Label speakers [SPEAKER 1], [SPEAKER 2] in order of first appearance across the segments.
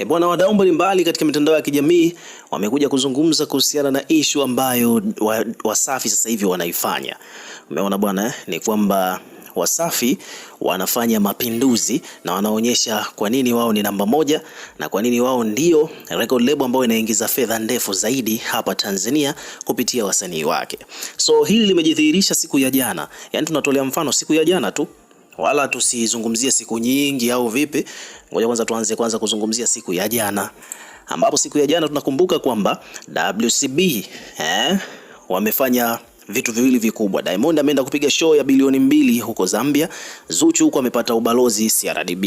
[SPEAKER 1] E bwana, wadau mbalimbali katika mitandao ya kijamii wamekuja kuzungumza kuhusiana na ishu ambayo Wasafi wa sasa hivi wanaifanya. Umeona bwana, eh, ni kwamba Wasafi wanafanya mapinduzi na wanaonyesha kwa nini wao ni namba moja na kwa nini wao ndio record label ambayo inaingiza fedha ndefu zaidi hapa Tanzania kupitia wasanii wake. So hili limejidhihirisha siku ya jana, yaani tunatolea mfano siku ya jana tu wala tusizungumzie siku nyingi au vipi. Ngoja kwanza tuanze kwanza kuzungumzia siku ya jana, ambapo siku ya jana tunakumbuka kwamba WCB eh, wamefanya vitu viwili vikubwa. Diamond ameenda kupiga show ya bilioni mbili huko Zambia, Zuchu huko amepata ubalozi CRDB.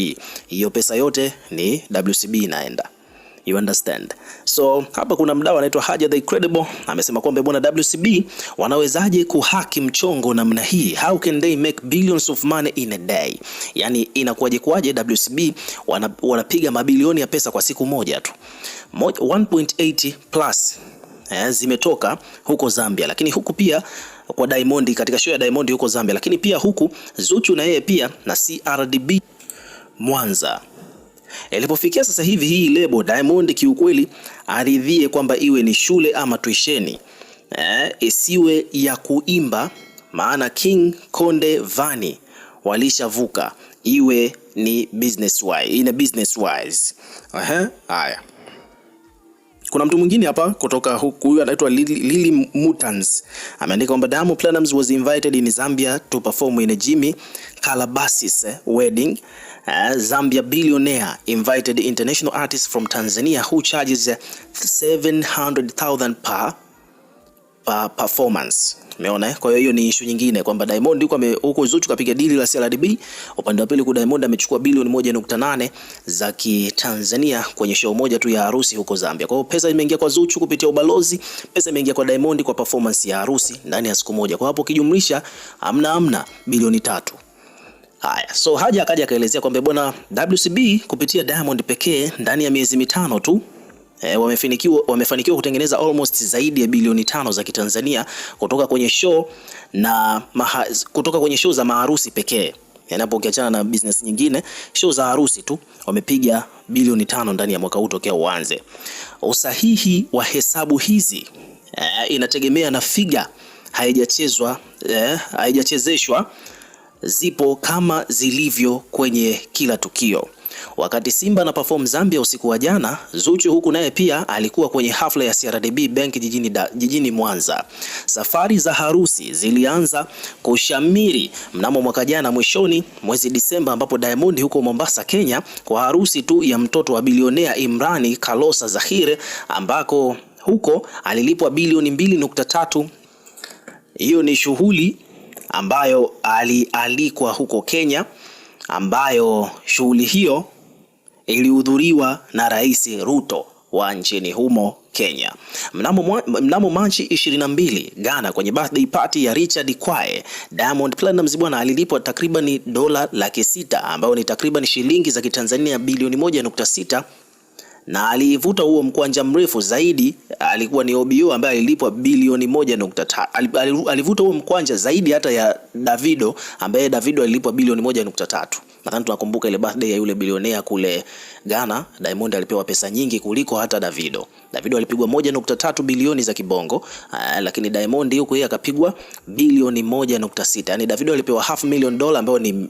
[SPEAKER 1] Hiyo pesa yote ni WCB inaenda You understand? So hapa kuna mdau anaitwa Haja the Incredible amesema kwamba bwana WCB wanawezaje kuhaki mchongo namna hii? How can they make billions of money in a day? Yaani inakuwaje kuwaje WCB wanapiga mabilioni ya pesa kwa siku moja tu. 1.8 plus eh, zimetoka huko Zambia, lakini huku pia kwa Diamond, katika show ya Diamond huko Zambia, lakini pia huku Zuchu na yeye pia na CRDB Mwanza Ilipofikia sasa hivi hii lebo Diamond kiukweli aridhie kwamba iwe ni shule ama tuisheni eh, isiwe ya kuimba, maana King Konde Vani walishavuka, iwe ni business wise, ina business wise. Aha, haya kuna mtu mwingine hapa kutoka huku, huyu anaitwa Lily Mutans ameandika kwamba Diamond Platnumz was invited in Zambia to perform in a Jimmy Calabasis eh, wedding. Uh, Zambia billionaire invited international artist from Tanzania who charges 700,000 eh, per, per performance. Umeona? Eh? Kwa hiyo hiyo ni issue nyingine kwamba Diamond huko huko Zuchu kapiga dili la CRDB, upande wa pili kwa Diamond amechukua bilioni moja za Kitanzania kwenye show moja tu ya harusi huko Zambia. Kwa hiyo pesa imeingia kwa Zuchu kupitia ubalozi, pesa imeingia kwa Diamond kwa performance ya harusi ndani ya siku moja. Kwa hapo kijumlisha amna amna bilioni tatu. Haya, so Haja akaja akaelezea kwamba bwana WCB kupitia Diamond pekee ndani ya miezi mitano tu Eh, wamefanikiwa wamefanikiwa kutengeneza almost zaidi ya bilioni tano za Kitanzania kutoka kwenye show na maha, kutoka kwenye show za maharusi pekee Yanapo ukiachana na business nyingine, show za harusi tu wamepiga bilioni tano ndani ya mwaka huu tokea uanze. Usahihi wa hesabu hizi eh, inategemea na figa haijachezwa eh, haijachezeshwa zipo kama zilivyo kwenye kila tukio. Wakati Simba na perform Zambia usiku wa jana, Zuchu huku naye pia alikuwa kwenye hafla ya CRDB Bank jijini, da, jijini Mwanza. Safari za harusi zilianza kushamiri mnamo mwaka jana mwishoni mwezi Disemba, ambapo Diamond huko Mombasa, Kenya kwa harusi tu ya mtoto wa bilionea Imrani Kalosa Zahir, ambako huko alilipwa bilioni 2.3 Hiyo ni shughuli ambayo alialikwa huko Kenya, ambayo shughuli hiyo ilihudhuriwa na Rais Ruto wa nchini humo Kenya. Mnamo, mnamo Machi 22 Ghana, kwenye birthday party ya Richard Kwae, Diamond Platinumz bwana alilipwa takriban dola laki sita ambayo ni takriban shilingi za Kitanzania bilioni 1.6 na aliivuta huo mkwanja mrefu zaidi alikuwa ni OBO ambaye alilipwa bilioni moja nukta tatu. Alivuta huo mkwanja zaidi hata ya Davido ambaye Davido alilipwa bilioni moja nukta tatu. Nadhani tunakumbuka ile birthday ya yule bilionea kule Ghana, Diamond alipewa pesa nyingi kuliko hata Davido. Davido alipigwa moja nukta tatu bilioni za kibongo, aa, eh, lakini Diamond huko yeye akapigwa bilioni moja nukta sita. Yaani Davido alipewa half million dola ambayo ni,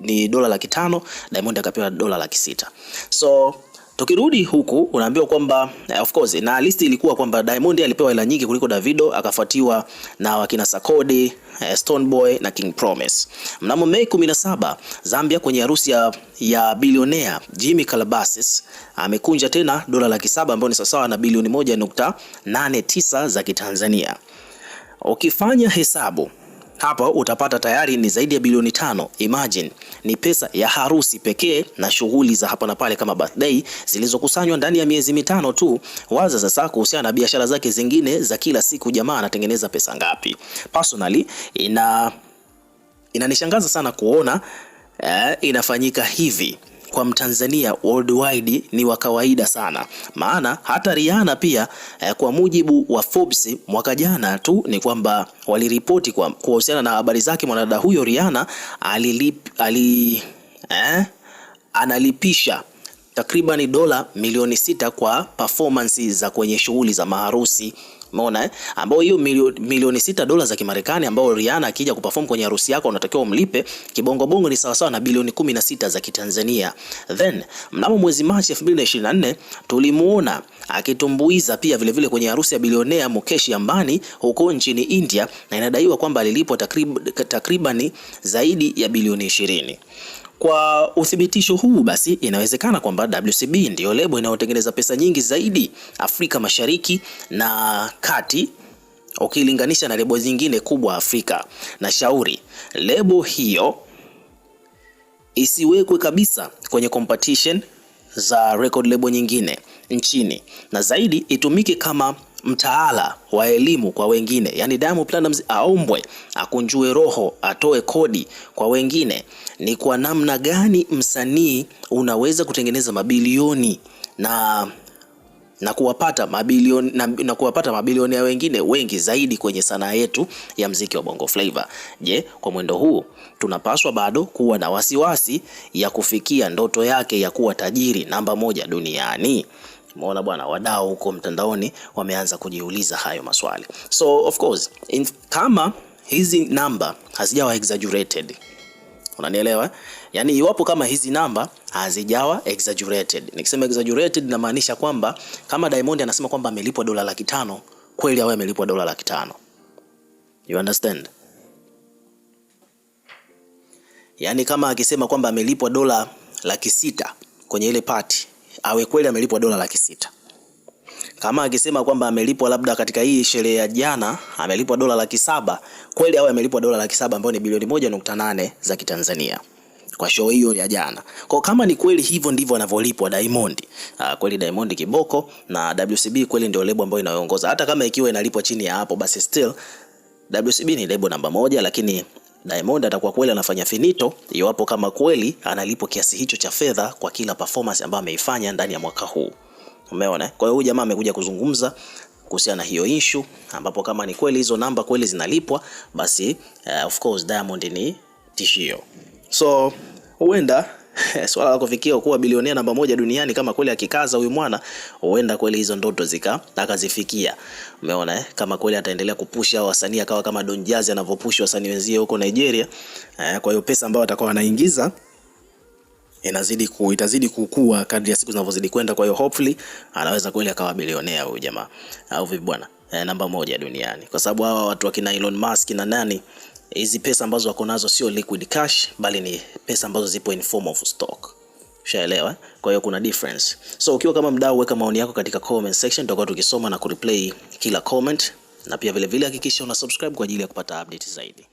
[SPEAKER 1] ni dola laki tano, Diamond akapewa dola laki sita. So Tukirudi huku unaambiwa kwamba eh, of course na list ilikuwa kwamba Diamond alipewa hela nyingi kuliko Davido, akafuatiwa na wakina Sakodi, eh, Stone Boy na King Promise. Mnamo Mei 17, Zambia kwenye harusi ya, ya bilionea Jimmy Calabasas amekunja tena dola laki saba ambayo ni sawasawa na bilioni 1.89 za Kitanzania. Ukifanya hesabu hapa utapata tayari ni zaidi ya bilioni tano. Imagine ni pesa ya harusi pekee na shughuli za hapa na pale kama birthday zilizokusanywa ndani ya miezi mitano tu. Waza sasa kuhusiana na biashara zake zingine za kila siku, jamaa anatengeneza pesa ngapi? Personally, ina inanishangaza sana kuona eh, inafanyika hivi kwa Mtanzania worldwide ni wa kawaida sana, maana hata Rihanna pia eh, kwa mujibu wa Forbes mwaka jana tu ni kwamba waliripoti kuhusiana na habari zake, mwanadada huyo Rihanna alilip, ali, eh, analipisha takriban dola milioni sita kwa performance za kwenye shughuli za maharusi. Umeona eh? Ambao hiyo milioni sita dola za Kimarekani ambao Rihanna akija kuperform kwenye harusi yako unatakiwa umlipe kibongo bongo ni sawasawa na bilioni sita za Kitanzania. Then mnamo mwezi Machi 2024 tulimuona akitumbuiza pia vilevile vile kwenye harusi ya bilionea Mukesh Ambani huko nchini India na inadaiwa kwamba alilipwa takriban zaidi ya bilioni 20. Kwa uthibitisho huu basi, inawezekana kwamba WCB ndiyo lebo inayotengeneza pesa nyingi zaidi Afrika Mashariki na Kati ukilinganisha na lebo zingine kubwa Afrika. Na shauri lebo hiyo isiwekwe kabisa kwenye competition za record lebo nyingine nchini, na zaidi itumike kama mtaala wa elimu kwa wengine, yani Diamond Platnumz aombwe akunjue roho atoe kodi kwa wengine, ni kwa namna gani msanii unaweza kutengeneza mabilioni na na kuwapata mabilioni na, na kuwapata mabilioni ya wengine wengi zaidi kwenye sanaa yetu ya mziki wa Bongo Flava. Je, kwa mwendo huu tunapaswa bado kuwa na wasiwasi ya kufikia ndoto yake ya kuwa tajiri namba moja duniani? Tumeona bwana, wadau huko mtandaoni wameanza kujiuliza hayo maswali. So of course in, kama hizi namba hazijawa exaggerated unanielewa? Yaani, iwapo kama hizi namba hazijawa exaggerated. Nikisema exaggerated namaanisha kwamba kama Diamond anasema kwamba amelipwa dola laki tano kweli awe amelipwa dola laki tano. You understand? Yaani kama akisema kwamba amelipwa dola laki sita kwenye ile party awe kweli amelipwa dola laki sita. Kama akisema kwamba amelipwa labda katika hii sherehe ya jana amelipwa dola laki saba, kweli awe amelipwa dola laki saba ambayo ni bilioni moja nukta nane za Kitanzania kwa show hiyo ya jana. Kwa kama ni kweli hivyo ndivyo anavyolipwa Diamond. Ah, kweli Diamond kiboko na WCB kweli ndio lebo ambayo inaongoza. Hata kama ikiwa inalipwa chini ya hapo basi still WCB ni lebo namba moja lakini Diamond atakuwa kweli anafanya finito iwapo kama kweli analipwa kiasi hicho cha fedha kwa kila performance ambayo ameifanya ndani ya mwaka huu. Umeona? Kwa hiyo huyu jamaa amekuja kuzungumza kuhusiana na hiyo issue ambapo kama ni kweli hizo namba kweli zinalipwa basi, uh, of course Diamond ni tishio. So huenda Eh, swala la kufikia kuwa bilionea namba moja duniani, kama kweli akikaza huyu mwana, huenda kweli hizo ndoto zika akazifikia. Umeona eh? Kama kweli ataendelea kupusha wasanii akawa kama Don Jazzy anavyopush wasanii wenzie huko Nigeria eh, kwa hiyo pesa ambayo atakuwa anaingiza inazidi ku, itazidi kukua kadri ya siku zinavyozidi kwenda. Kwa hiyo hopefully anaweza kweli akawa bilionea huyu jamaa, au vipi bwana? eh, namba moja duniani, kwa sababu hawa watu wakina Elon Musk na nani hizi pesa ambazo wako nazo sio liquid cash, bali ni pesa ambazo zipo in form of stock. Ushaelewa? Eh? Kwa hiyo kuna difference. So ukiwa kama mdau, weka maoni yako katika comment section, tutakuwa tukisoma na kureplay kila comment, na pia vilevile hakikisha una subscribe kwa ajili ya kupata update zaidi.